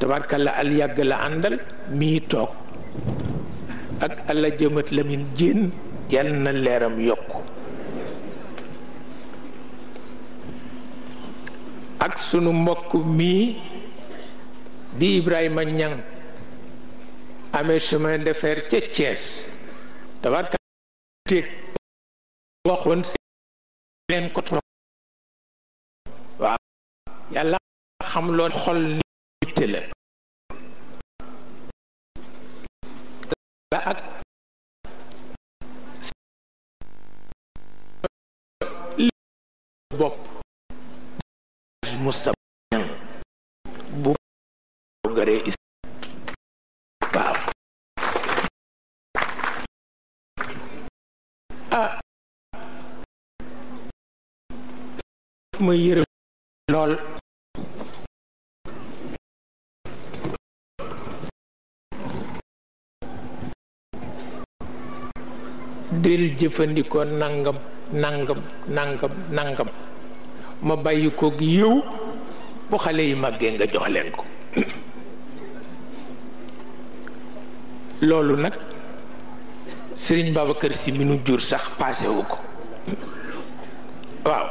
tabarkalla al yàgg la àndal mii toog ak alla jëmat lamin jéen yàlla leeram yokk ak sunu mbokk mii di Ibrahima ñaŋ amee chemin de ca cees tabarkalla téeg waxoon leen ko yàlla xam loon xol yitte la la ak bopp mustabiyan bu garee is waaw ah ma yërëm lool del jëfandikoo nangam nangam nangam nangam ma bàyyi koog yëw bu xale yi màggee nga jox leen ko loolu nag sëriñ Babacar si mi nu jur sax paase ko waaw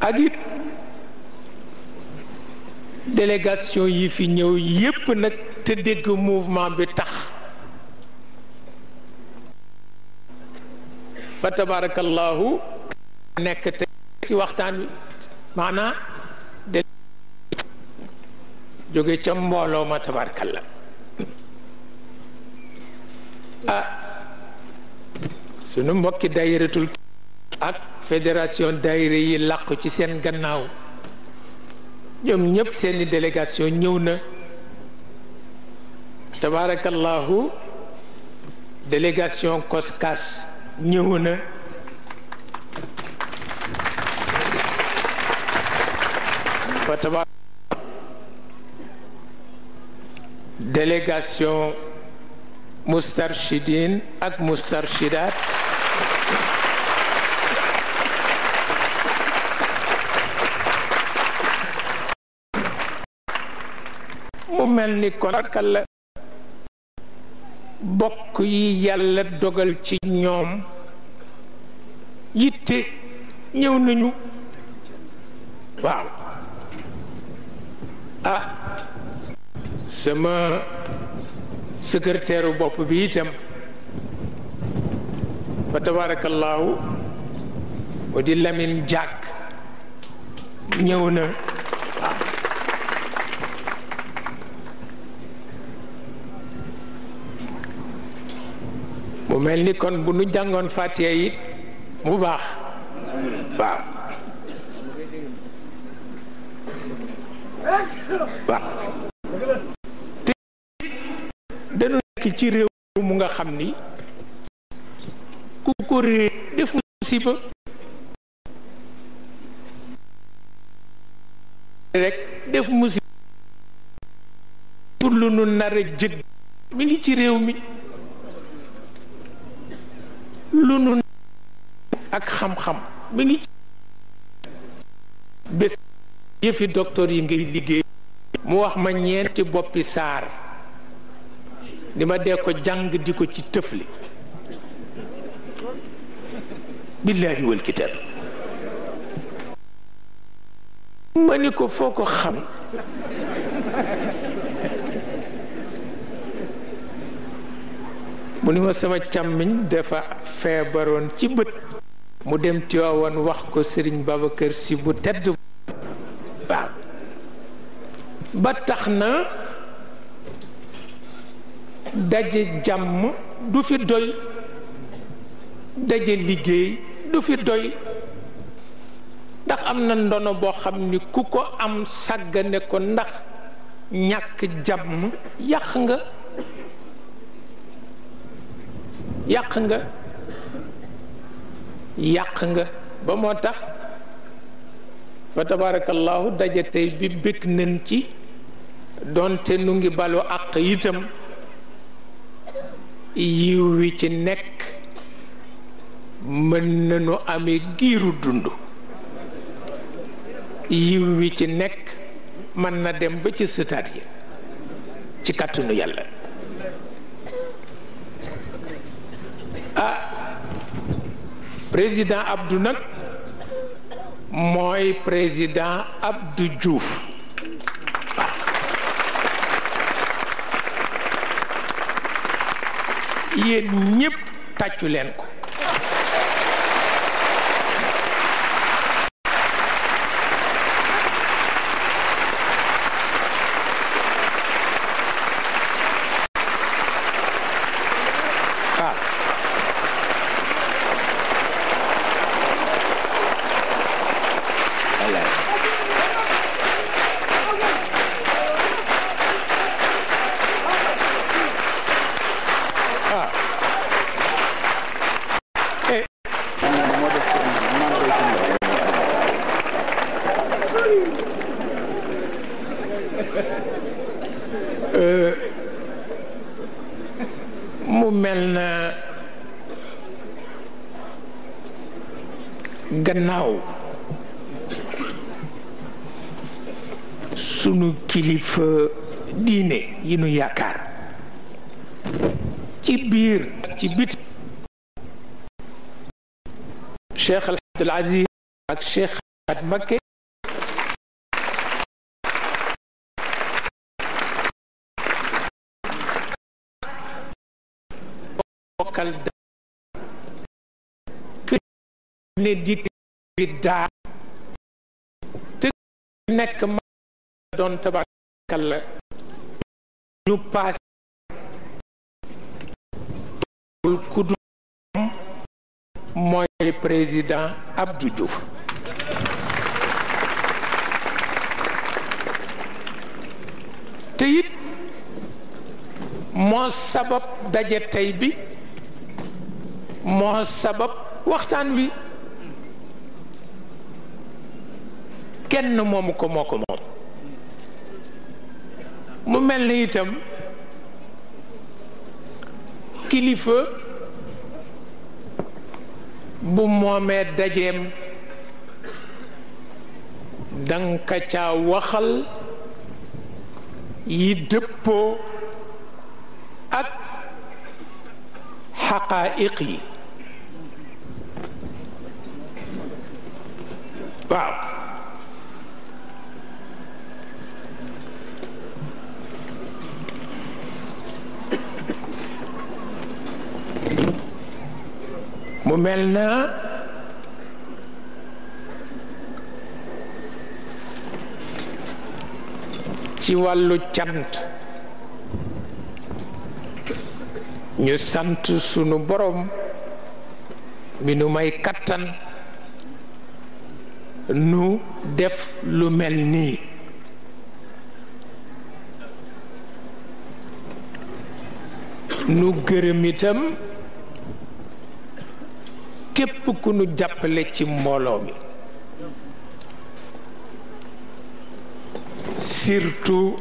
ak it délégation yi fi ñëw yépp nag te dégg mouvement bi tax fa tabarakallahu nekk te ci waxtaan wi maanaa de jóge ca mbooloo ma tabarakallah ah sunu mbokki dayiratul ak fédération dayira yi làqu ci seen gannaaw ñoom ñëpp seeni délégation ñëw na tabarakallahu délégation koskas ñëw na fa tabax délégation mustarchidine ak mustarchidaat mu mel ni kon kala mbokk yi yàlla dogal ci ñoom yitte ñëw nañu waaw ah sama secrétaire bopp bi itam fa tabaarakallaahu wa di Lamine Diack ñëw na mu mel ni kon bu nu jàngoon fatiha it mu baax waaw waaw te dañu nekk ci réew mu nga xam ni ku ko réer def musiba rek def musiba pour lu nu nar a mi ngi ci réew mi lu nu ak xam-xam mi ngi ci bés jëfi docteur yi ngay liggéey mu wax ma ñeenti boppi saar di ma dee ko jàng di ko ci tëfli billaahi wal ma ni ko foo ko xam mu ni ma sama càmmiñ dafa feebaroon ci bët mu dem Tiwaawan wax ko Sëriñ Babacar Si bu tedd waaw ba tax na daje jàmm du fi doy daje liggéey du fi doy ndax am na ndono boo xam ni ku ko am sàggane ko ndax ñàkk jàmm yàq nga yàq nga yàq nga ba moo tax fa tabarakallahu daje tey bi bëgg nañ ci doonte nu ngi balu àq yitam yiw wi ci nekk mën nañu amee giiru dund yiw wi ci nekk mën na dem ba ci sëtaat yi ci kàttanu yàlla président Abdou nag mooy président Abdou Diouf yéen ñëpp tàccu leen ko Aziz ak Cheikh Xat Mbakke bokkal ne dikk bi daa te nekk ma doon la ñu paase kuddu mooy président Abdou Diouf te moo sabab daje tey bi moo sabab waxtaan wi kenn moomu ko moo ko moom mu mel ni itam kilifa bu moomee dajeem danga ka ca waxal yi dëppoo ak xaqaayiq yi mu mel na ci wàllu cant ñu sant sunu borom mi nu may kattan nu def lu mel nii nu gërëm itam képp ku nu jàppale ci mbooloo mi surtout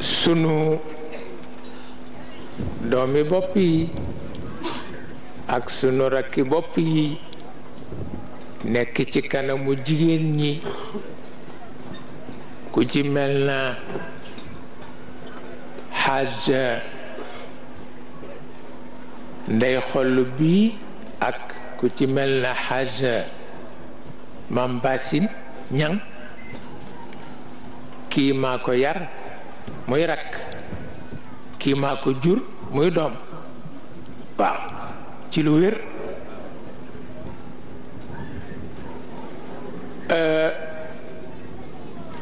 sunu doomi bopp yi ak sunu rakki bopp yi nekk ci kanamu jigéen ñi ku ci mel na xaaj ndey xoll bii ak ku ci mel na xaaj mam basin ñang kii maa ko yar muy rakk kii maa ko jur muy doom waaw ci lu wér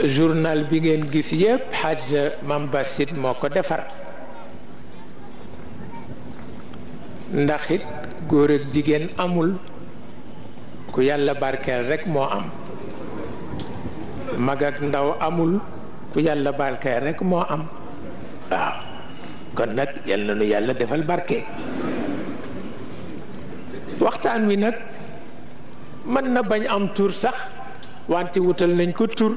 journal bi ngeen gis yépp xaj mam moo ko defar ndaxit it góor ak jigéen amul ku yàlla barkeel rekk moo am mag ndaw amul ku yàlla barkeel rekk moo am waaw kon nag yal na nu yàlla defal barke waxtaan wi nag mën na bañ am tur sax wante wutal nañ ko tur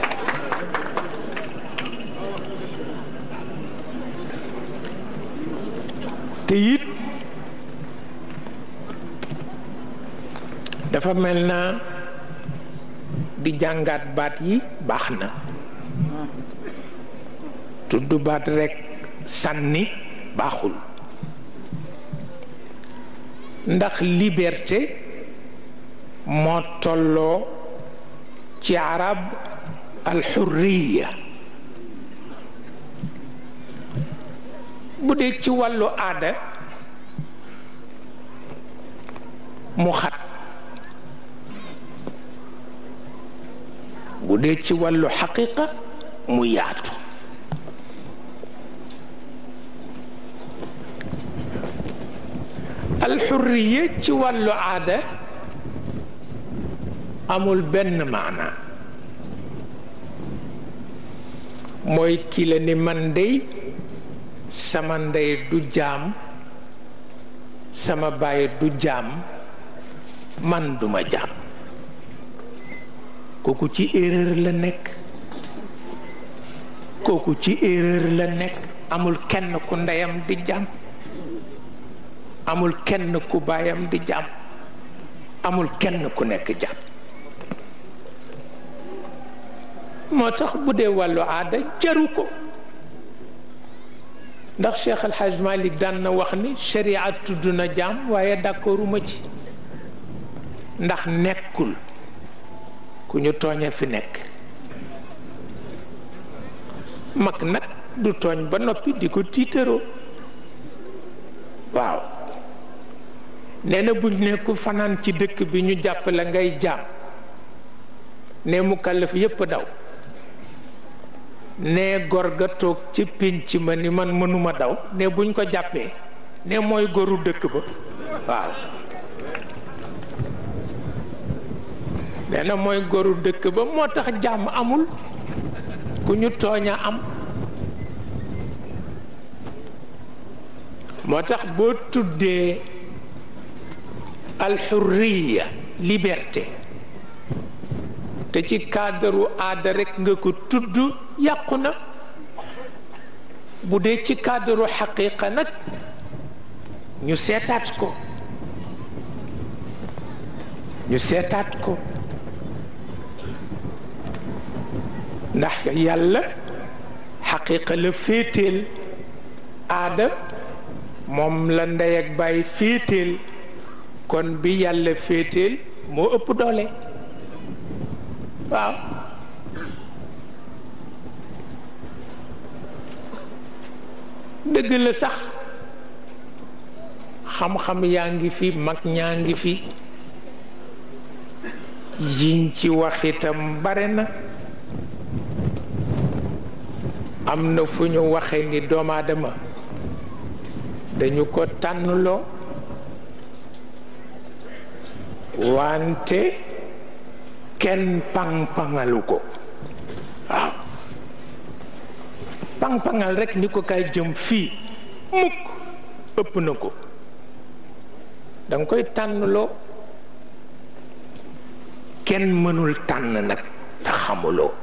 te dafa mel na di jàngaat baat yi baax na tudd baat rekk sànni baaxul ndax liberté moo tolloo ci arab alxurriya dee ci wàllu aada mu xat bu ci wàllu xaqiqa mu yaatu alxurriya ci wàllu aada amul benn maana mooy ki la ni man dey sama ndey du jaam sama baay du jaam man duma jaam kooku ci erreur la nekk kooku ci erreur la nekk amul kenn ku ndeyam di jaam amul kenn ku baayam di jaam amul kenn ku nekk jaam moo tax bu dee wàllu aada jaru ko ndax Cheikh Al Hadj daan na wax ni sharia tudd na jaam waaye d'accorduma ci ndax nekkul ku ñu tooñee fi nekk mag nag du tooñ ba noppi di ko tiitaroo waaw nee na buñ ne ku fanaan ci dëkk bi ñu jàpp la ngay jaam ne mu kàllaf yépp daw ne gor ga toog ci pinc ma ni man mënuma daw ne buñ ko jàppee ne mooy goru dëkk ba waaw nee mooy goru dëkk ba moo tax jàmm amul ku ñu tooña am moo tax boo tuddee alxurriya liberté te ci cadre aada rekk nga ko tudd yàqu na bu dee ci cadre xaqiqa nag ñu seetaat ko ñu seetaat ko ndax yàlla xaqiqa la féeteel aada moom la ndey ak féeteel kon bi yàlla féeteel moo ëpp doole waaw dëgg la sax xam-xam yaa ngi fi mag ñaa ngi fi yiñ ci wax bare na am na fu ñu waxe ni doomaadama dañu ko tànnloo wante kenn pang-pangalu ko pang-pangal rek ni ko kaay jëm fii mukk ëpp na ko danga koy tànnloo kenn mënul tànn nag te xamuloo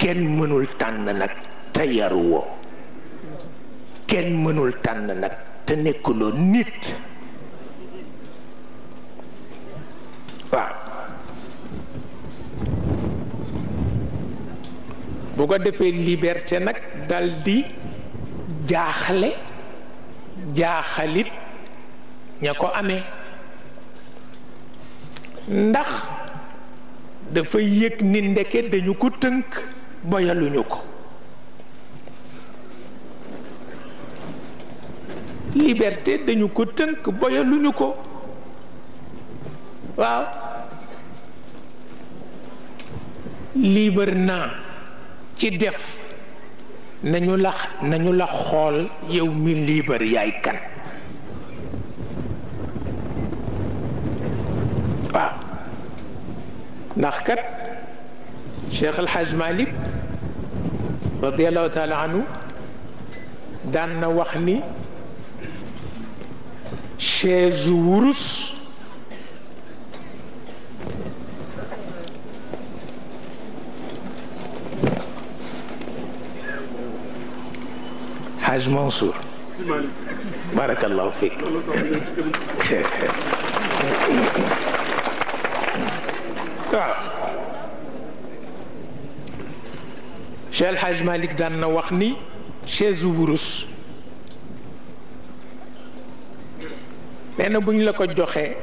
kenn mënul tànn nag te yaruwoo kenn mënul tànn nag te nekkuloo nit bu ko defee liberté nag daldi jaaxle jaaxalit ña ko amee ndax dafa yëg ni ndeke dañu ko tënk boyaluñu ko liberté dañu ko tënk boyaluñu ko waaw libre naa ci def nañu la xool yow mi liibar yaay kan waaw ndax kat Cheikh El Hadj Malick radiallahu daan na wax ni chaise wurus Hadj Mansour barakallahu daan na wax ni chaise wurus nee na bu ñu la ko joxee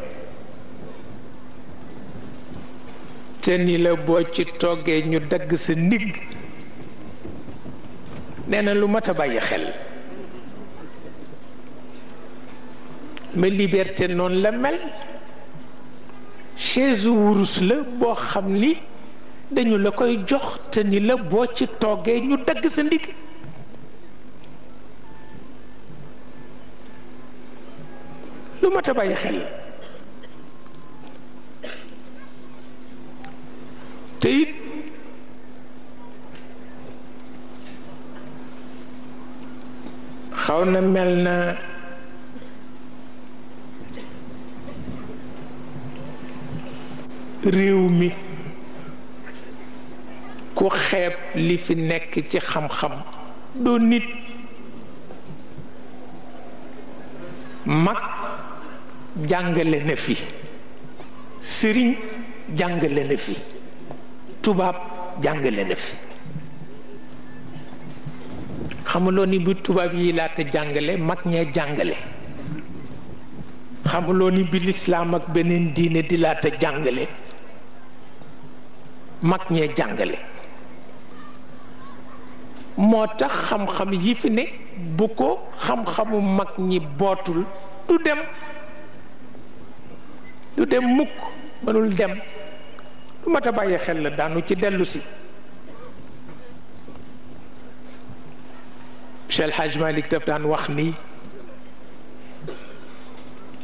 te ni la boo ci toggee ñu dagg sa ndigg nee na lu mat a bàyyi xel ma liberté noonu la mel chaise wurus la boo xam ni dañu la koy jox te ni la boo ci toogee ñu dagg sa ndigg lu mat a bàyyi xel te it xaw na mel na réew mi ku xeeb li fi nekk ci xam-xam doo nit mag jàngale na fi sëriñ jàngale na fi tubaab jàngale na fi xamuloo ni bi tubaab yi laata jàngale mag ñee jàngale xamuloo ni bi lislaam ak beneen diine di laata jàngale mag ñee jàngale moo tax xam-xam yi fi ne bu ko xam-xamu mag ñi bootul du dem du dem mukk mënul dem lu mat a bàyyi xel la daanu ci dellusi Cheikh El Hadj daf daan wax ni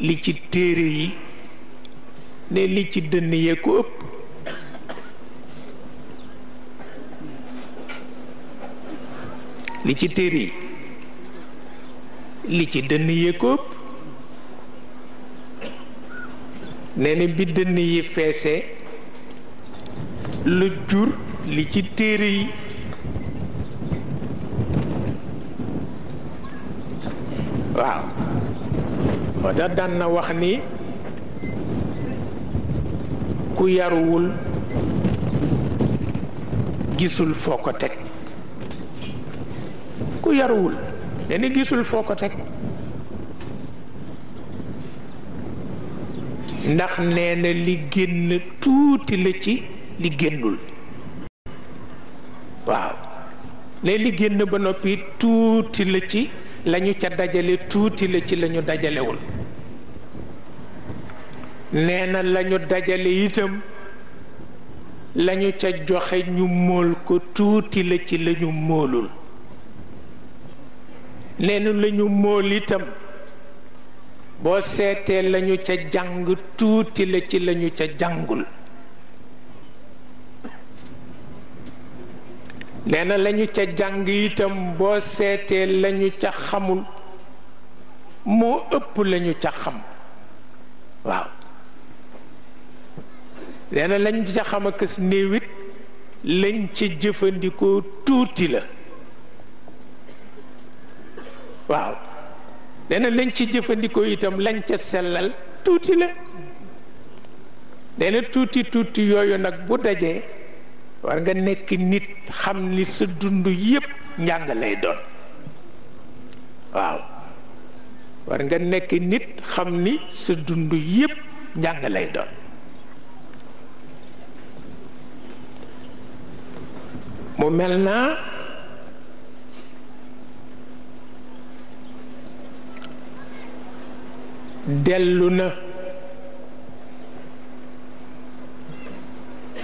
li ci téere yi ne li ci dënn yee ko ëpp li ci téere yi li ci dënn yee ko ëpp nee na bi dënn yi feese lu jur li ci téere yi waaw moo tax daan na wax ni ku yaruwul gisul foo ko teg ku yaruwul ne ni gisul foo ko teg ndax nee na li génn tuuti la ci li génnul waaw ne li génn ba noppi tuuti la ci lañu ca dajale tuuti la ci lañu dajalewul nee na lañu dajale itam lañu ca joxe ñu móol ko tuuti la ci lañu móolul nee na lañu móol itam boo seetee lañu ca jàng tuuti la ci lañu ca jàngul nee lañu ca jàng yitam boo seetee lañu ca xamul moo ëpp lañu ca xam waaw nee na lañ ca xam ak as néew lañ ca jëfandikoo tuuti la waaw nee lañ ca jëfandikoo itam lañ ca sellal tuuti la nee tuuti tuuti yooyu nag bu dajee war nga nekk nit xam ni sa dund yépp njàng lay doon waaw war nga nekk nit xam ni sa dund yépp njàng lay doon mu mel naa dellu na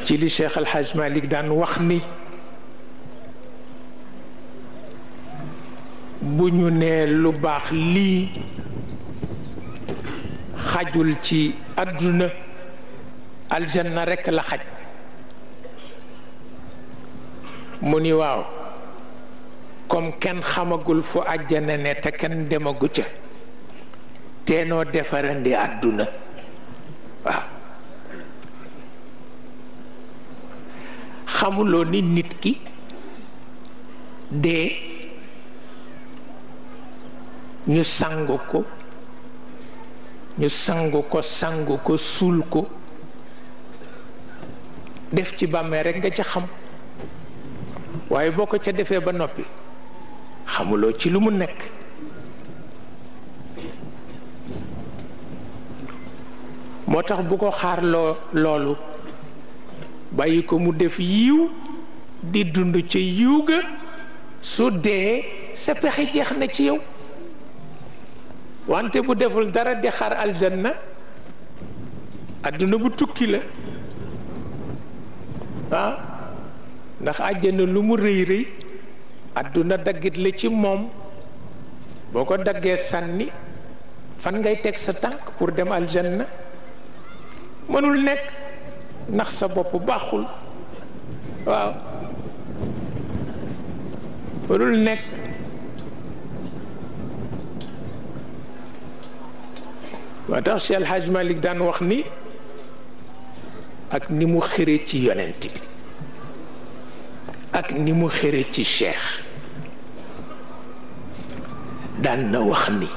ci li Cheikh Al Hadj daan wax ni bu ñu nee lu baax lii xajul ci àdduna aljanna rekk la xaj mu ni waaw comme kenn xamagul fu àjjana ne te kenn demagu ca teenoo defarandi àdduna xamuloo ni nit ki dee ñu sang ko ñu sangu ko sangu ko suul ko def ci bàmmee rekk nga ci xam waaye boo ko ca defee ba noppi xamuloo ci lu mu nekk moo tax bu ko xaar loolu bàyyi ko mu def yiw di dund ca yiw ga su dee sa pexe jeex na ci yow wante bu deful dara di xaar aljanna adduna bu tukki la ah ndax àjjana lu mu rëy rëy adduna daggit la ci moom boo ko daggee sànni fan ngay teg sa tànk pour dem na mënul nekk ndax sa bopp baaxul waaw warul nekk waa tax Cheikh El Hadj Malick daan wax ni ak ni mu xëree ci yonent bi ak ni mu xëree ci cheikh daan na wax ni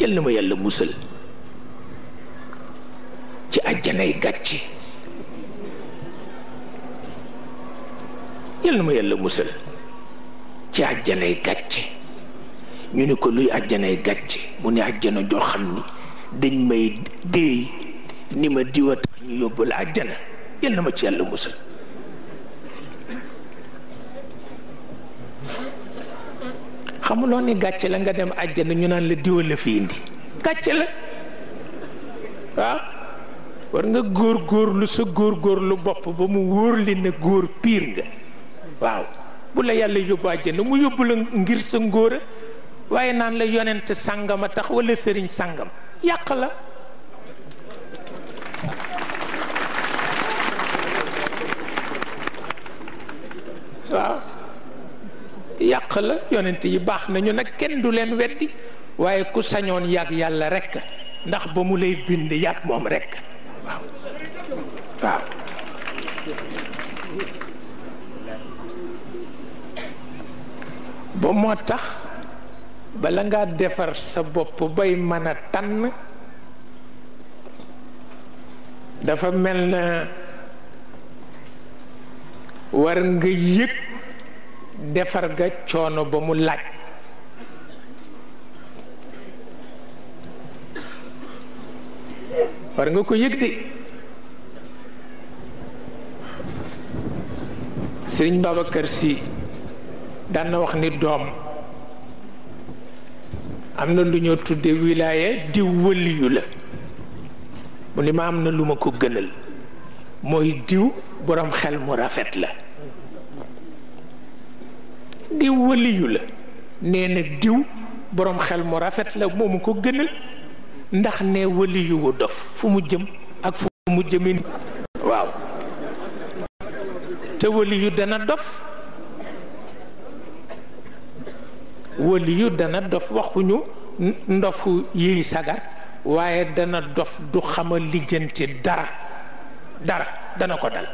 yal na ma yàlla musal ci àjjanay gàcce yal na ma yàlla musal ci àjjanay gàcce ñu ne ko luy àjjanay gàcc mu ne àjjana joo xam ni dañ may déey ni ma diwa tax ñu yóbbul àjjana yal na ma ci yàlla musal xamuloo ni gàcce la nga dem àjjana ñu naan la diwa la fi indi la waaw war nga góor góorlu sa góor lu bopp ba mu wóor li góor piir nga waaw bu la yàlla yóbbu àjjana mu yóbbu la ngir sa ngóora waaye naan la yonent sàngama tax walla sëriñ sàngam yàq la waaw yàq la yonent yi baax nañu nag kenn du leen weddi waaye ku sañoon yàgg yàlla rekk ndax ba mu lay bind yàgg moom rekk waaw waaw ba moo tax bala ngaa defar sa bopp bay mën a tànn dafa mel na war nga yëg defar ga coono ba mu laaj war nga ko yëg de Sëriñ Babacar Sy daan wax ni doom am na lu ñoo tudde wilaaya diw wëliyu la mu ni ma am na lu ma ko gënal mooy diw boroom xel mu rafet la di wëliyu la nee na diw boroom xel mu rafet la moo mu ko gënal ndax ne wëliyu wu dof fu mu jëm ak fu mu jëmin waaw te wëliyu dana dof waliyu dana dof waxuñu ndofu yiy sagar waaye dana dof du xama lijjanti dara dara dana ko dal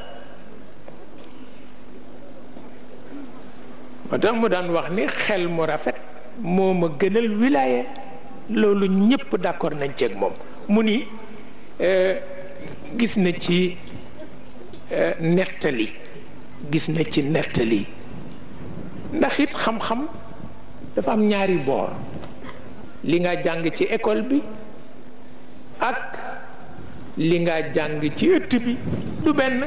moo tax mu daan wax ni xel mu rafet moo ma gënal wilaaye loolu ñëpp d'accord nañ ceeg moom mu ni euh, gis na ci euh, nettali gis na ci nettali ndax it xam-xam dafa am ñaari boor li nga jàng ci école bi ak li nga jàng ci ëtt bi du benn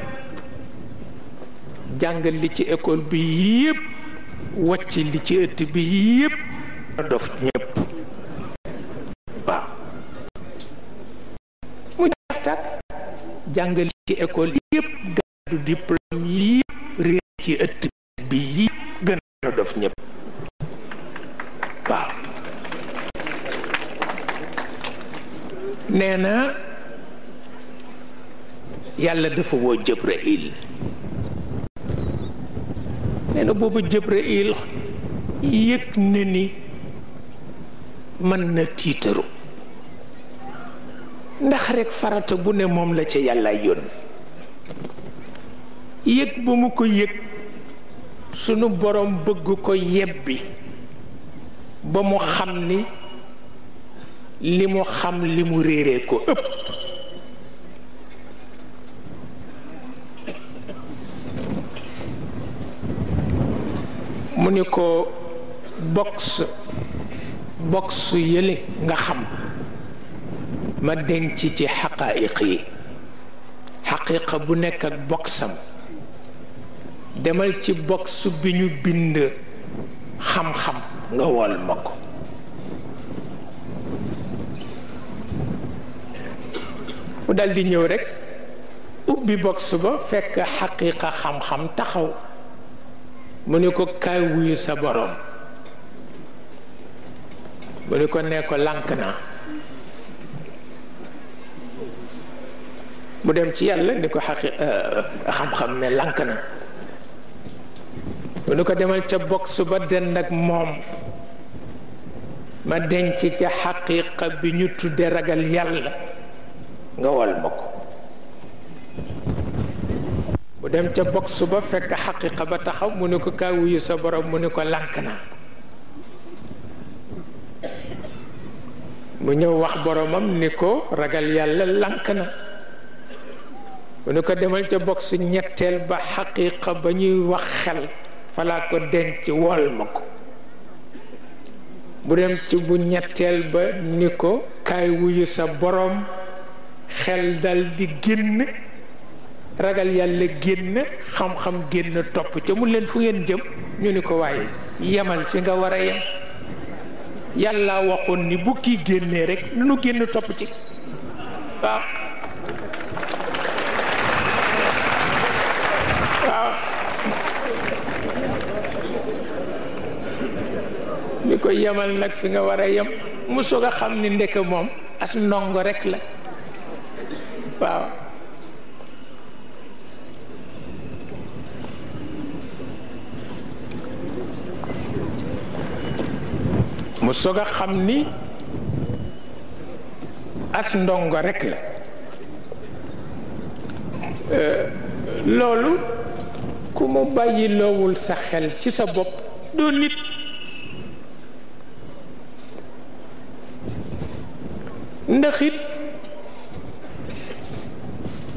jàng li ci école bi yépp wàcc li ci ëtt bi yépp dof ñépp waaw mu takk jàng li ci école yépp gàddu diplôme yépp réer ci ëtt bi yépp gën a dof ñépp nee na yàlla dafa woo Jibril nee na boobu Jibril yëg na ni mën na tiitaru ndax rekk farata bu ne moom la ca yàlla yónni yëg bu mu ko yëg sunu boroom bëgg ko yebbi ba mu xam ni li mu xam li mu réere ko ëpp mu ni ko box box yële nga xam ma denc ci xaqaayiq yi xaqiiqa bu nekk ak boxam demal ci box bi ñu bind xam-xam nga wol ma ko dal di ñëw rekk ubbi box ba fekk xaqiqa xam-xam taxaw mu ne ko kaay wuyu sa boroom mu ne ko nee ko lànk naa mu dem ci yàlla ni ko xaqi euh, xam-xam ne lànk na mu ne ko demal ca box ba dend ak moom ma denc ca xaqiqa bi ñu tuddee ragal yàlla nga wal ma ko bu dem ca box ba fekk xaqiqa ba taxaw mu ne ko kaa wuyu sa boroom mu ne ko lànk na mu ñëw wax boroomam ni ko ragal yàlla lànk na mu ne ko demal ca box ñetteel ba xaqiqa ba ñuy wax xel falaa ko denc wool ma ko bu dem ci bu ñetteel ba ni ko kaay wuyu sa borom xel dal di génn ragal yàlla génn xam-xam génn topp ca mun leen fu ngeen jëm ñu ni ko waaye yemal fi nga war a yem yàlla waxoon ni bu kii génnee rek nu génn topp ci waaw waaw ko yemal nag fi nga war a yem mu soog a xam ni ndeke moom as ndongo rek la waaw mu soog a xam ni as ndongo rekk la euh, loolu ku mu bàyyi loowul sa xel ci sa bopp doo nit ndax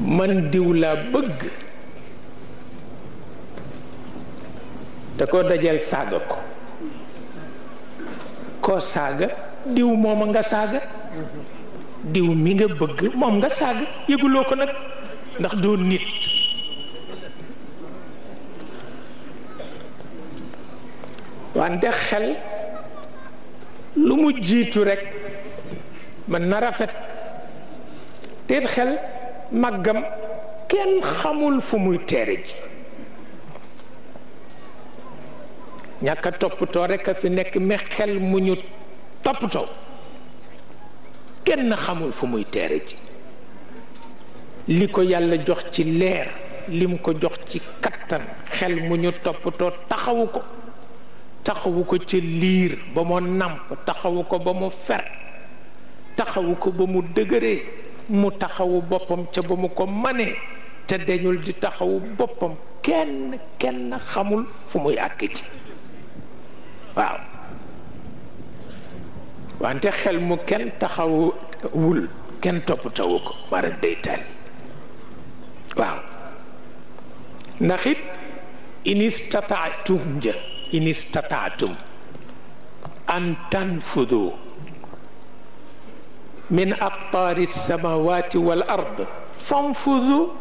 man diw laa bëgg te ko dajal saaga ko koo saaga diw mooma nga saaga diw mi nga bëgg moom nga saaga yëguloo ko nag ndax doo nit wante xel lu mu jiitu rekk mën na rafet teet xel màggam kenn xamul fu muy teere ji ñàkk a toppatoo rek a fi nekk mi xel mu ñu toppatoo kenn xamul fu muy teere ji li ko yàlla jox ci leer lim ko jox ci kattan xel mu ñu toppatoo taxawu ko taxawu ko ci liir ba mu nàmp taxawu ko ba mu fer taxawu ko ba mu dëgëree mu taxawu boppam ca ba mu ko manee te dañul di taxawu boppam kenn kenn xamul fu muy àkk ci waaw wante xel mu kenn taxawul kenn toppatawu ko mara deytaan waaw ndax it inistataatum ja inistataatum an tanfudu min aqtaari samawati wal ard fanfudu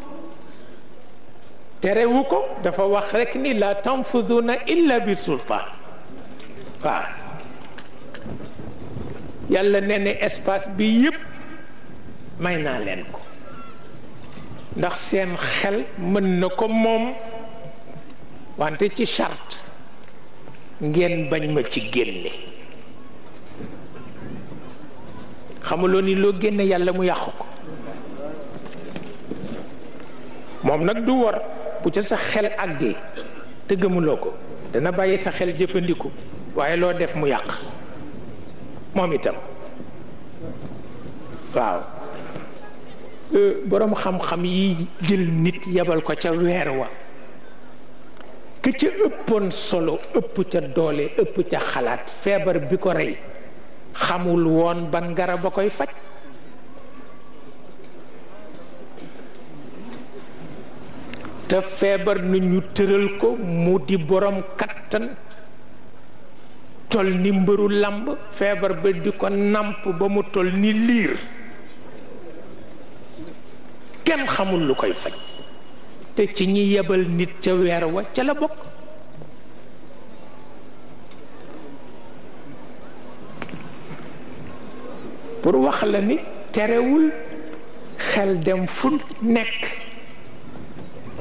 terewu ko dafa wax rekk ni la tanfuduna illa bi sultaan waaw yàlla nee na espace bi yëpp may naa leen ko ndax seen xel mën na ko moom wante ci charte ngeen bañ ma ci génne xamuloo ni loo génne yàlla mu yàqu ko moom nag du war bu ca sa xel àggee te gëmuloo ko dana bàyyi sa xel jëfandiku waaye loo def mu yàq moom itam waaw euh, boroom xam-xam yi jël nit yebal ko ca weer wa ke ca ëppoon solo ëpp ca doole ëpp ca xalaat feebar bi ko rey xamul woon ban garab a koy faj te feebar na ñu tëral ko mu di borom kattan tol ni mbëru làmb feebar ba di ko nàmp ba mu tol ni liir kenn xamul lu koy faj te ci ñi yebal nit ca weer wa ca la bokk pour wax la ni terewul xel dem fu nekk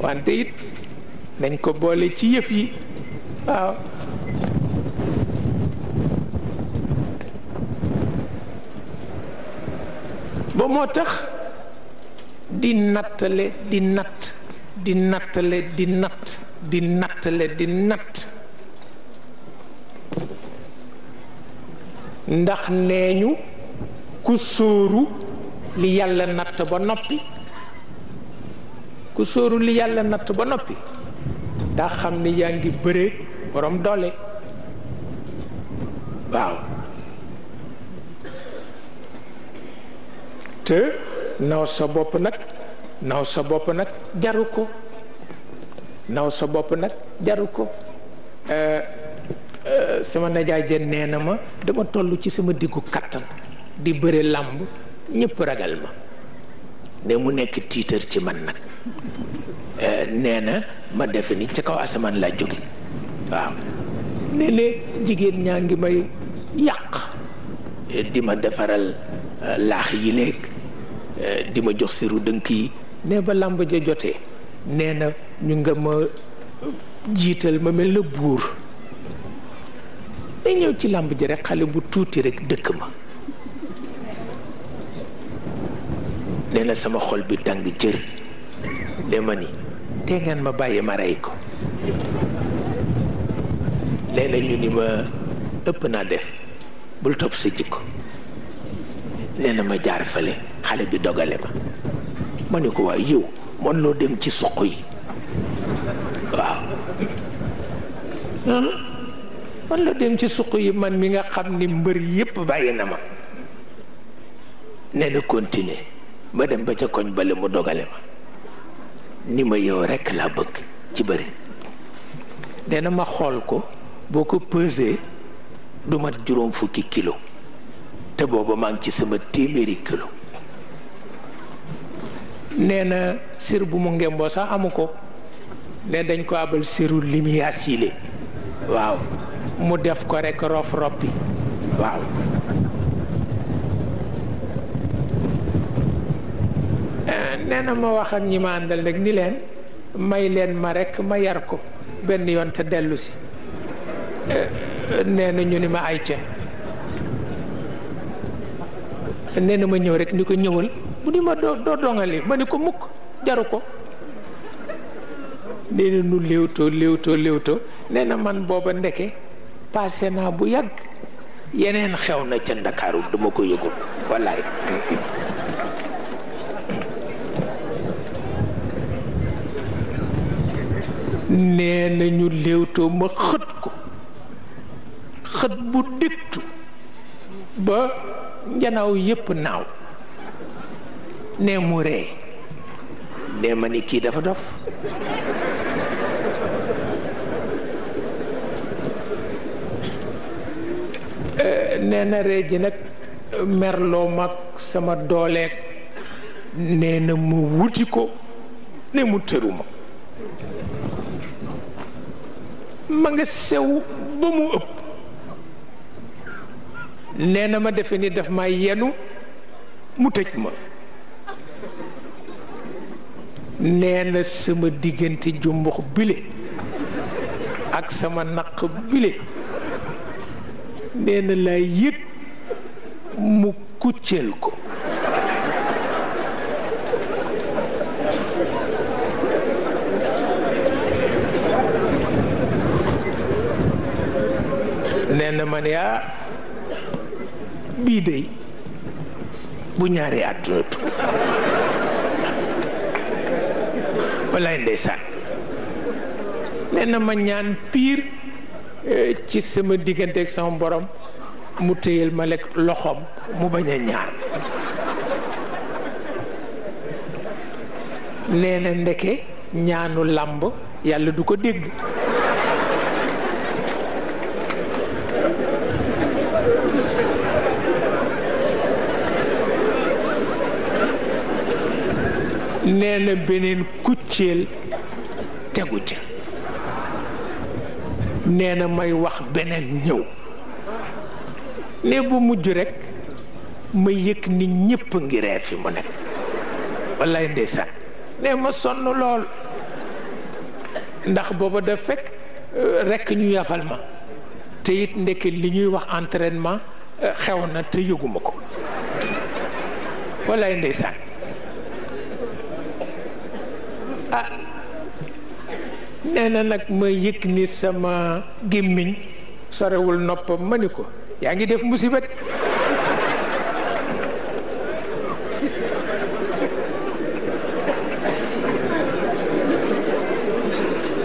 wante it nañ ko boole ci yëf yi waaw ba moo tax di nattale di natt di nattale di natt di nattale di natt ndax nee ñu ku sóoru li yàlla natt ba noppi ku sóoru li yàlla natt ba noppi daa xam ni yaa ngi bëreeg borom doole waaw te naw sa bopp nag naw sa bopp nag jaru ko naw sa bopp nag jaru ko euh, euh, sama najaay jën nee na ma dama tollu ci sama diggu kattan di bëre làmb ñépp ragal ma ne mu nekk tiitar ci man nag eh, nee na ma defe ni ci kaw asamaan laa jóge waaw nee ne jigéen ñaa ngi may yàq eh, di ma defaral eh, laax yi léeg di ma jox siru dënk yi ne ba làmb ja jotee nee na ñu nga ma jiital ma mel na buur day ñëw ci làmb ji rek xale bu tuuti rek dëkk ma nee na sama xol bi tàng jër ne ma ni te ngeen ma bàyyi ma rey ko nee na ñu ma ëpp naa def bul topp sa jikko nee na ma jaar fale xale bi dogale ma ma ni ko waaw yow mën loo dem ci suq yi waaw man la dem ci suq yi man mi nga xam ni mbër yépp bàyyi na ma nee na continuer ma dem ba ca koñ bale mu dogale ma ni ma yow rekk laa bëgg ci bëri nee ma xool ko boo ko pesee du mat juróom fukki kilo te booba maa ngi ci sama téeméeri kilo nee na sër bu mu ngemboo sax amu ko ne dañ ko abal sëru limiyaasile waaw mu def ko rekk rof roppi waaw nee na ma wax ak ñi ma àndal nag ni leen may leen ma rekk ma yar ko benn yoon te dellusi si eh, nee ñu ni ma ay ca nee ma ñëw rekk ni ko ñëwal mu ni ma doo doo ma ni ko mukk jaru ko nee na nu léewtoo léewtoo léewtoo nee man booba ndeke passé naa bu yàgg yeneen xew na ca Ndakaaru duma ko yëgul wallaay nee ñu léewtoo ma xët ko xët bu dëktu ba njanaaw yépp naaw nee mu ree nee ma ni kii dafa dof eh, nee na ree ji nag merloo mag sama dooleeg nee na mu wuti ko ne mu tëru ma nga sew ba mu ëpp nee na ma defe ni daf may yenu mu tëj ma nee na sama diggante jumbux bile ak sama naq bile nee na lay yëg mu kucceel ko nee na ma ne ah, bu ñaari at dootu na ma ñaan piir eh, ci sama diggante ak sama borom mu téyel ma lekk loxoom mu bañ a ñaar nee na ñaanu làmb yàlla du ko dégg nee na beneen kucceel tegu ca neena may wax beneen ñëw ne bu mujj rek ma yëg ni ñépp ngi ree fi mu nekk wallaay ndeysaan ne ma sonn lool ndax booba daf fekk euh, rekk ñu yafal ma te it ndekki li ñuy wax entraînement euh, xew na te yëguma ko wallaay ndeysaan nee na nag ma yëg ni sama gémmiñ sorewul noppam ma ni ko yaa ngi def musibet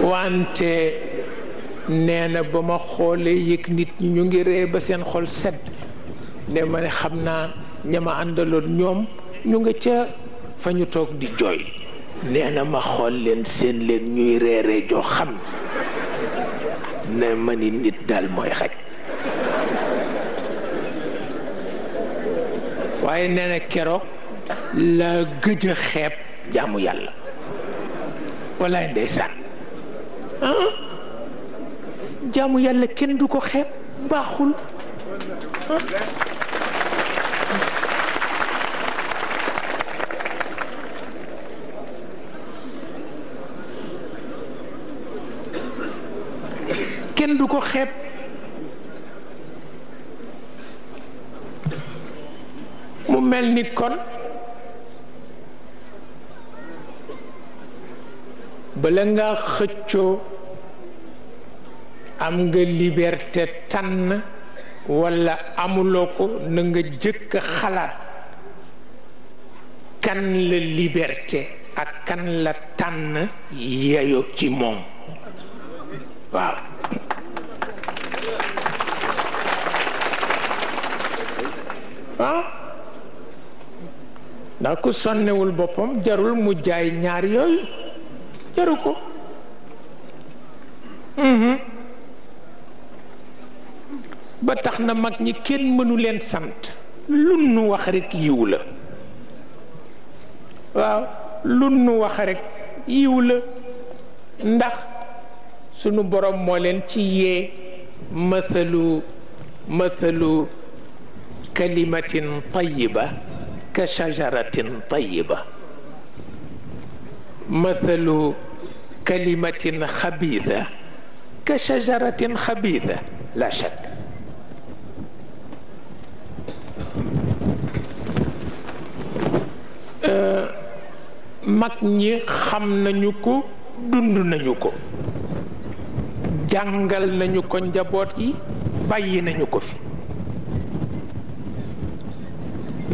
wante nee na ba ma xoolee yëg nit ñi ñu ngi ree ba seen xol sedd ne ma ne xam naa ñama àndaloon ñoom ñu nga ca fa ñu toog di jooy nee na ma xool leen seen leen ñuy reere joo xam ne ma ni nit daal mooy xaj waaye nee na keroog la gëj a xeeb jaamu yàlla walaay ndeysaan ah jaamu yàlla kenn du ko xeeb baaxul ah? kenn du ko xeeb mu mel ni kon bala nga xëccoo am nga liberté tànn walla amuloo ko na nga jëkk xalaat kan la liberté ak kan la tànn yeyoo ci moom waaw ah ndax ku sonnewul boppam jarul mu jaay ñaar yooyu jaru ko mhm. ba tax na mag ñi kenn mënuleen sant lu nu wax rekk yiw la waaw lu nu wax rekk yiw la ndax sunu borom moo leen ci yee mathalu mathalu kalimatin tayiba ka shajaratin tayiba mathalu kalimatin xabiisa ka shajaratin xabiisa la shak mag ñi xam nañu ko dund nañu ko jàngal nañu ko njaboot yi bàyyi nañu ko fi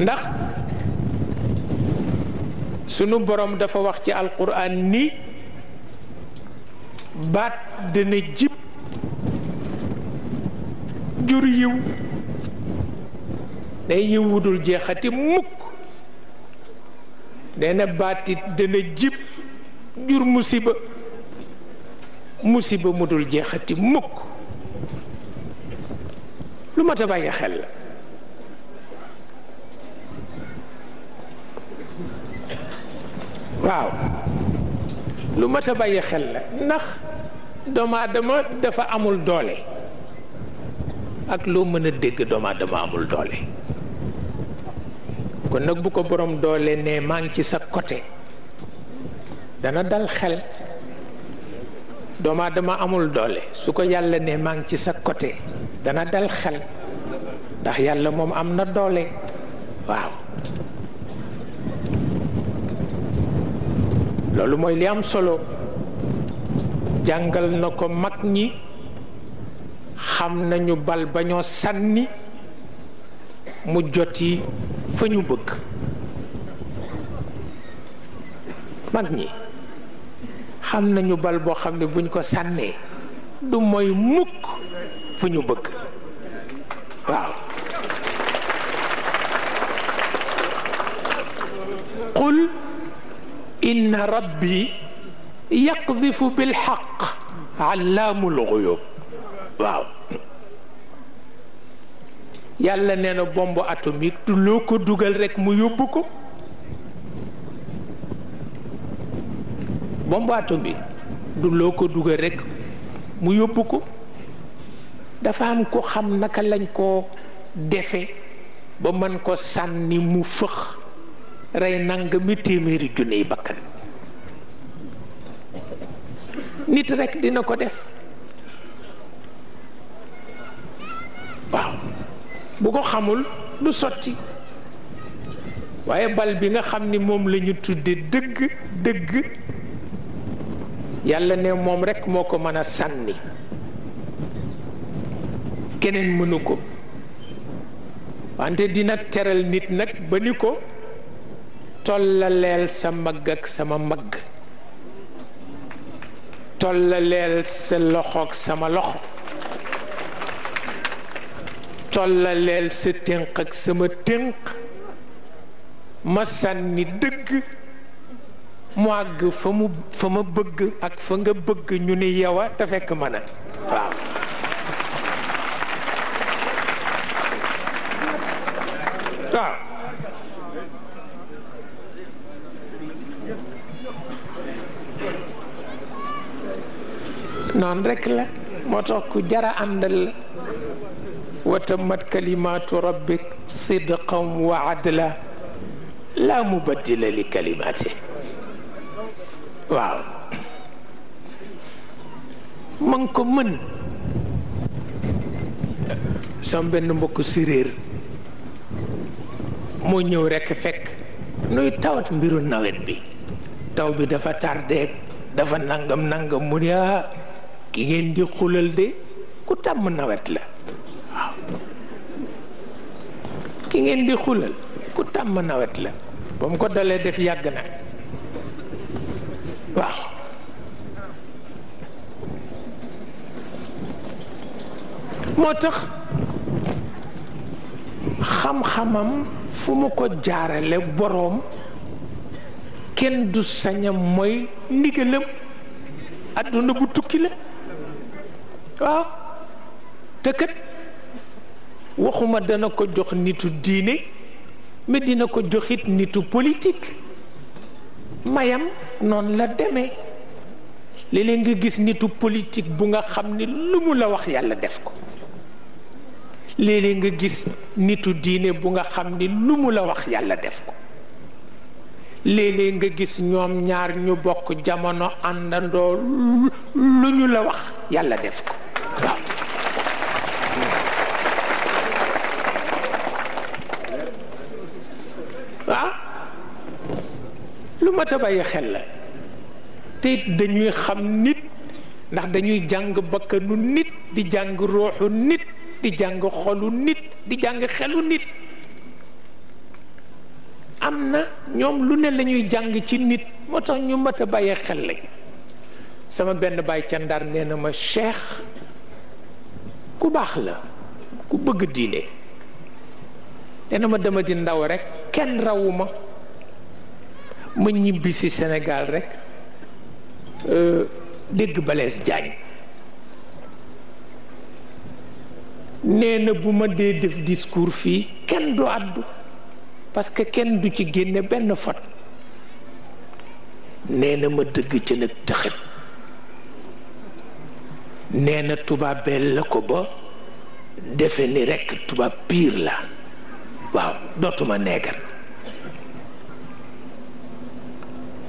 ndax sunu borom dafa wax ci alquran ni baat dana jib jur yiw day yiw dul jeexati mukk nee na baatit dana jib jur musiba musiba mudul jeexati mukk lu mat a la waaw lu mat a bàyyi xel la ndax doomu aadama dafa amul doole ak loo mën a dégg doomu aadama amul doole kon nag bu ko boroom doole ne maa ngi ci sa côté dana dal xel doomu aadama amul doole su ko yàlla ne maa ngi ci sa côté dana dal xel ndax yàlla moom am na doole waaw loolu mooy li am solo jàngal na ko mag ñi xam nañu bal ba ñoo sànni mu joti fa ñu bëgg mag ñi xam nañu bal boo xam ne buñ ko sànnee du mooy mukk fu ñu bëgg inna rabbi yaqdifu bilxaq allaamul xuyub waaw yàlla nee na bombe atomique du loo ko dugal rekk mu yóbbu ko bombe atomique du loo ko dugal rekk mu yóbbu ko dafa am ko xam naka lañ koo defe ba mën ko sànni mu fëx rey nangami téeméeri junniy bakkan nit rekk dina ko def waaw bu ko xamul du sotti waaye bal bi nga xam ni moom lañu ñu tudde dëgg dëgg yàlla ne moom rekk moo ko mën a sànni keneen mënu ko wante dina teral nit nag ba ni ko tollaleel sa mbagg ak sama mbagg tollaleel sa loxo ak sama loxo tollaleel sa tënk ak sama tënk ma sànni dëgg mu àgg fa mu fa ma bëgg ak fa nga bëgg ñu ni yow te fekk mën noonu rek la moo tax ku jara àndal la wa tammat kalimaatu rabbik sidqan wa adla laa mubaddila li kalimaati waaw ma ko mën sama benn mbokk séréer moo ñëw rekk fekk nuy tawat mbiru nawet bi taw bi dafa tardé dafa nangam nangam mu ne ki ngeen di xulal de ku tàmm nawet la waaw ki ngeen di xulal ku tàmm nawet la ba mu ko dalee def yàgg na waaw moo tax xam-xamam fu mu ko jaarale boroom kenn du sañam mooy ndigalam àdduna bu tukki la waaw te kat waxuma dana ko jox nitu diine mais ko joxit nitu politik mayam noonu la deme léeg-léeg nga gis nitu politik bu nga xam ni lu mu la wax yàlla def ko léeg-léeg nga gis nitu diine bu nga xam ni lu mu la wax yàlla def ko léeg nga gis ñoom ñaar ñu bokk jamono àndandoo lu ñu la wax yàlla def ko akbar ah lu mat a bàyyi xel la te dañuy xam nit ndax dañuy jàng bakkanu nit di jàng ruuxu nit di jàng xolu nit di jàng xelu nit am na ñoom lu ne lañuy jàng ci nit moo tax ñu mat a bàyyi xel lañ sama benn baay ca ndar nee na ma cheikh ku baax la ku bëgg diine nee ma dama di ndaw rekk kenn rawuma ma ñibbisi si rekk rek euh, dégg balees Diagne nee bu ma dee def discours fii kenn du àddu parce que kenn du ci génne benn fot nee na ma dëgg ca nag tëxët nee na la ko ba defe ni rekk tubaab piir la waaw dootuma neegal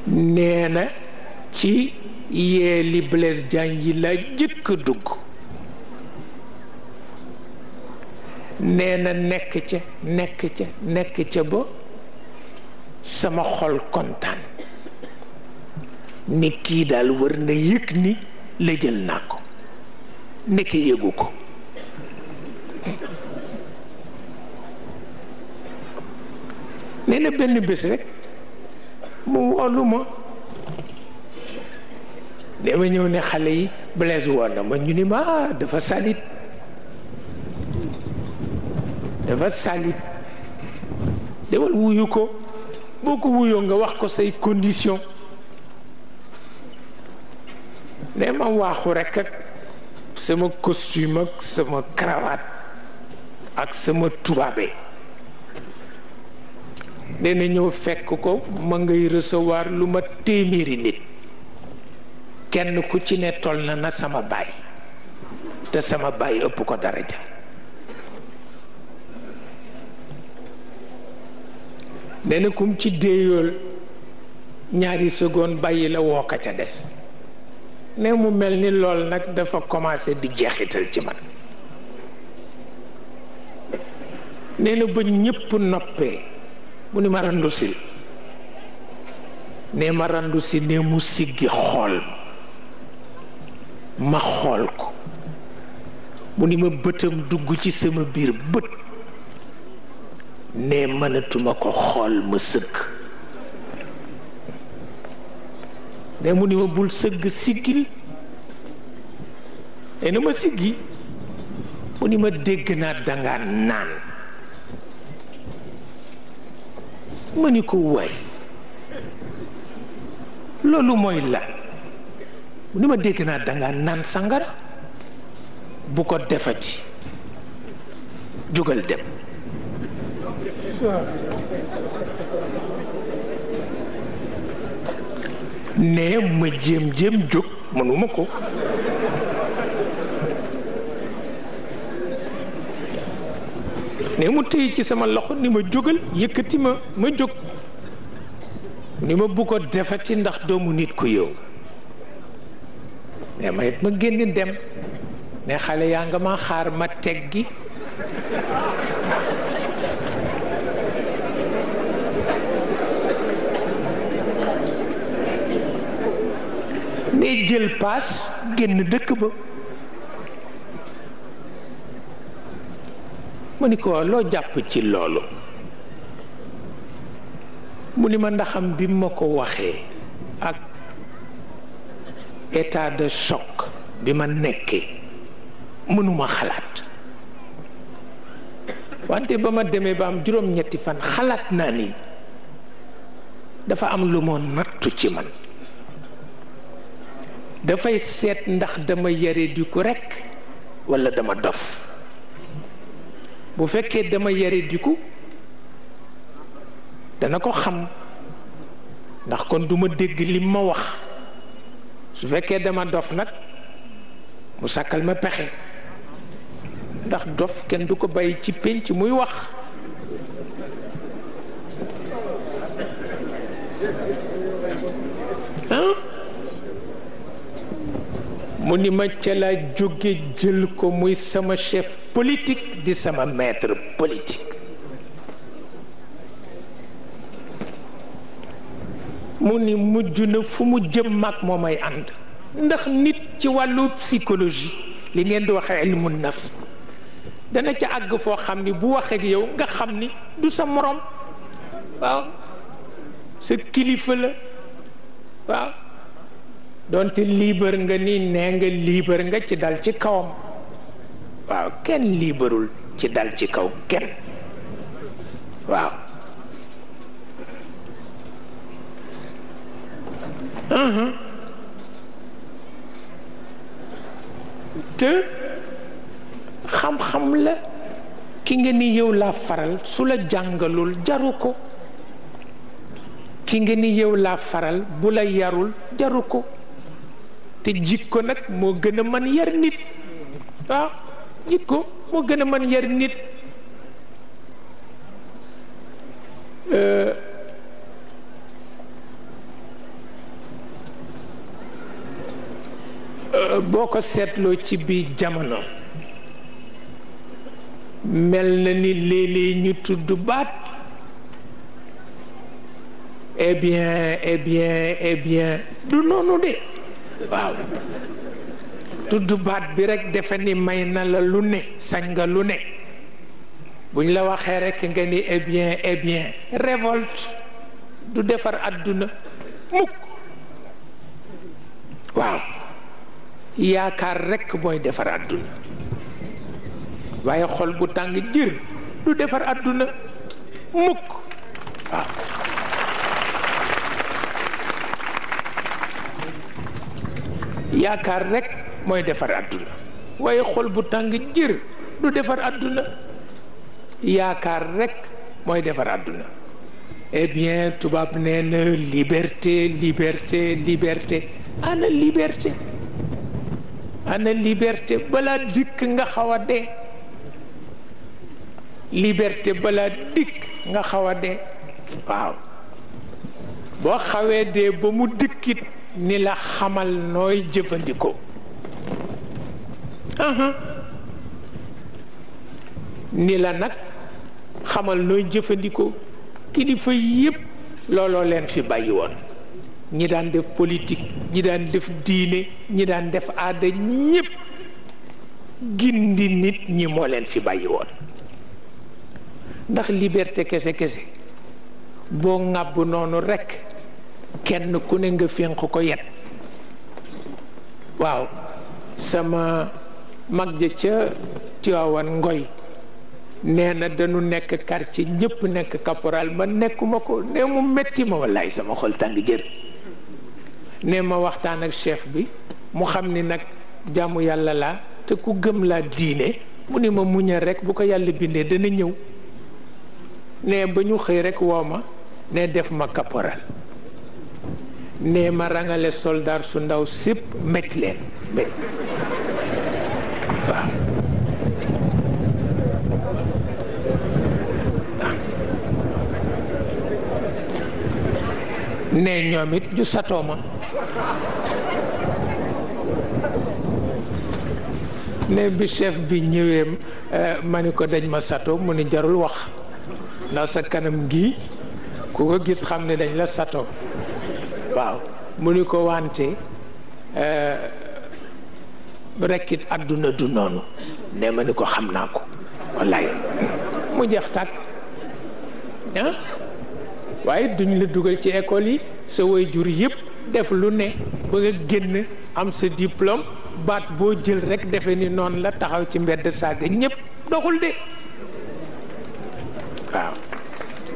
nee na ci yeeli Blaise Diagne yi la jëkk dugg nee na nekk ca nekk ca nekk ca ba sama xol kontaan ni kii daal war na yëg ni la jël naa ko ndeke yëgu ko nee na benn bés rek mu woolu ma dama ñëw ne xale yi Blaise woon na ma ñu ni ma ah, dafa salit dafa salit demal wuyu ko boo ko wuyoo nga wax ko say condition ne ma waaxu rek sama costume ak sama cravate ak sama tubaabe dana ñëw fekk ko ma ngay recevoir lu ma téeméeri nit kenn ku ci ne toll na na sama baay te sama baay ëpp ko daraja nee na kum ci déeyool ñaari seconde bàyyi la woo ka ca des ne mu mel ni lool nag dafa commencé di jeexital ci man nee na ba ñëpp noppee mu ni ma randu si ne ma randu si ne mu siggi xool ma xool ko mu ni ma bëtam dugg ci sama biir bët ne mënatuma ko xool ma sëkk ne mu ni ma bul sëgg siggil ne na ma siggi mu ni ma dégg naa danga naan ma ni ko waay loolu mooy la mu ni ma dégg naa danga naan sangara bu ko defati jógal dem ne ma jéem jéem jóg mënuma ko ne mu téye ci sama loxo ni ma jógal yëkkati ma ma jóg ni ma bu ko defati ndax doomu nit ku yow ne ma it ma génn dem ne xale yaa nga ma xaar ma teggi day jël paas génn dëkk ba mu ni ko loo jàpp ci loolu mu ni ma ndaxam bi ma ko waxee ak état de choc bi ma nekkee mënuma xalaat wante ba ma demee ba am juróom-ñetti fan xalaat naa ni dafa am lu moo nattu ci man dafay seet ndax dama yare di rekk walla dama dof bu fekkee dama yare di dana ko xam ndax kon duma dégg lim ma wax su fekkee dama dof nag mu sàkkal ma pexe ndax dof kenn du ko bàyyi ci pénc muy wax mu ni ma ca laa jóge jël ko muy sama chef politique di sama maître politique mu ni mujj na fu mu jëm mag moo may ànd ndax nit ci wàllu psychologie li ngeen di waxee ilmu nafs dana ca àgg foo xam ni bu waxeeg yow nga xam ni du sa morom waaw sa kilifa la waaw doonte liibar nga ni nee nga liibar nga ci dal ci kawam waaw kenn liibarul ci dal ci kaw kenn waaw mhm. te xam-xam la ki nga ni yow laa faral su la jàngalul jaru ko ki nga ni yow laa faral bu la yarul jaru ko te jikko nag moo gën a mën yar nit waaw jikko moo gën a mën yar nit euh, euh, boo ko seetloo ci biir jamono mel na ni léeg-léeg ñu tudd baat eh bien eh bien eh bien du noonu de waaw tudd baat bi rekk defe ni may na la lu ne sañ nga lu ne buñ la waxee rek nga ni eh bien eh révolte du defar àdduna mukk waaw yaakaar rekk mooy defar àdduna waaye xol bu tàng jër du defar àdduna mukk waaw yaakaar rek mooy defar àdduna waaye xol bu tàng jër du defar àdduna yaakaar rek mooy defar àdduna eh bien tubaab nee na liberté liberté liberté ana liberté ana liberté balaa dikk nga xaw a dee liberté balaa dikk nga xaw a dee waaw boo xawee dee ba mu dikkit ni la xamal nooy jëfandikoo ni la nag xamal nooy jëfandikoo kilifa yépp looloo leen fi bàyyi woon ñi daan def politik ñi daan def diine ñi daan def aada ñépp gindi nit ñi moo leen fi bàyyi woon ndax liberté kese kese boo ŋàbb noonu rekk kenn ku ne nga fénq ko yet waaw sama mag ja ca Tiwaawan Ngoy nee na dañu nekk quartier ñëpp nekk caporal ma nekkuma ko ne mu metti ma wallaay sama xol tàng jër ne ma waxtaan ak chef bi mu xam ni nag jàmmu yàlla laa te ku gëm laa diine mu ni ma muñal rek bu ko yàlla bindee dana ñëw ne ba ñu xëy rekk woo ma ne def ma nee ma rangale soldaar su ndaw sépp mecc leen mecc waaw ñoom it ju sato ma ne bi chef bi ñëwee eh, ma ni ko dañ ma sato mu ni jarul wax ndax sa kanam gi ku ko gis xam ne dañ la sato waaw mu ni ko wante euh, rekkit àdduna du noonu ne ma ni ko xam naa ko wallaay mu jeex tàkk ah? waaye duñ la dugal ci école yi sa way jur yëpp def lu ne ba nga génn am sa diplôme baat boo jël rekk defe ni noonu la taxaw ci mbedd saaga ñëpp doxul de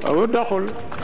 waaw doxul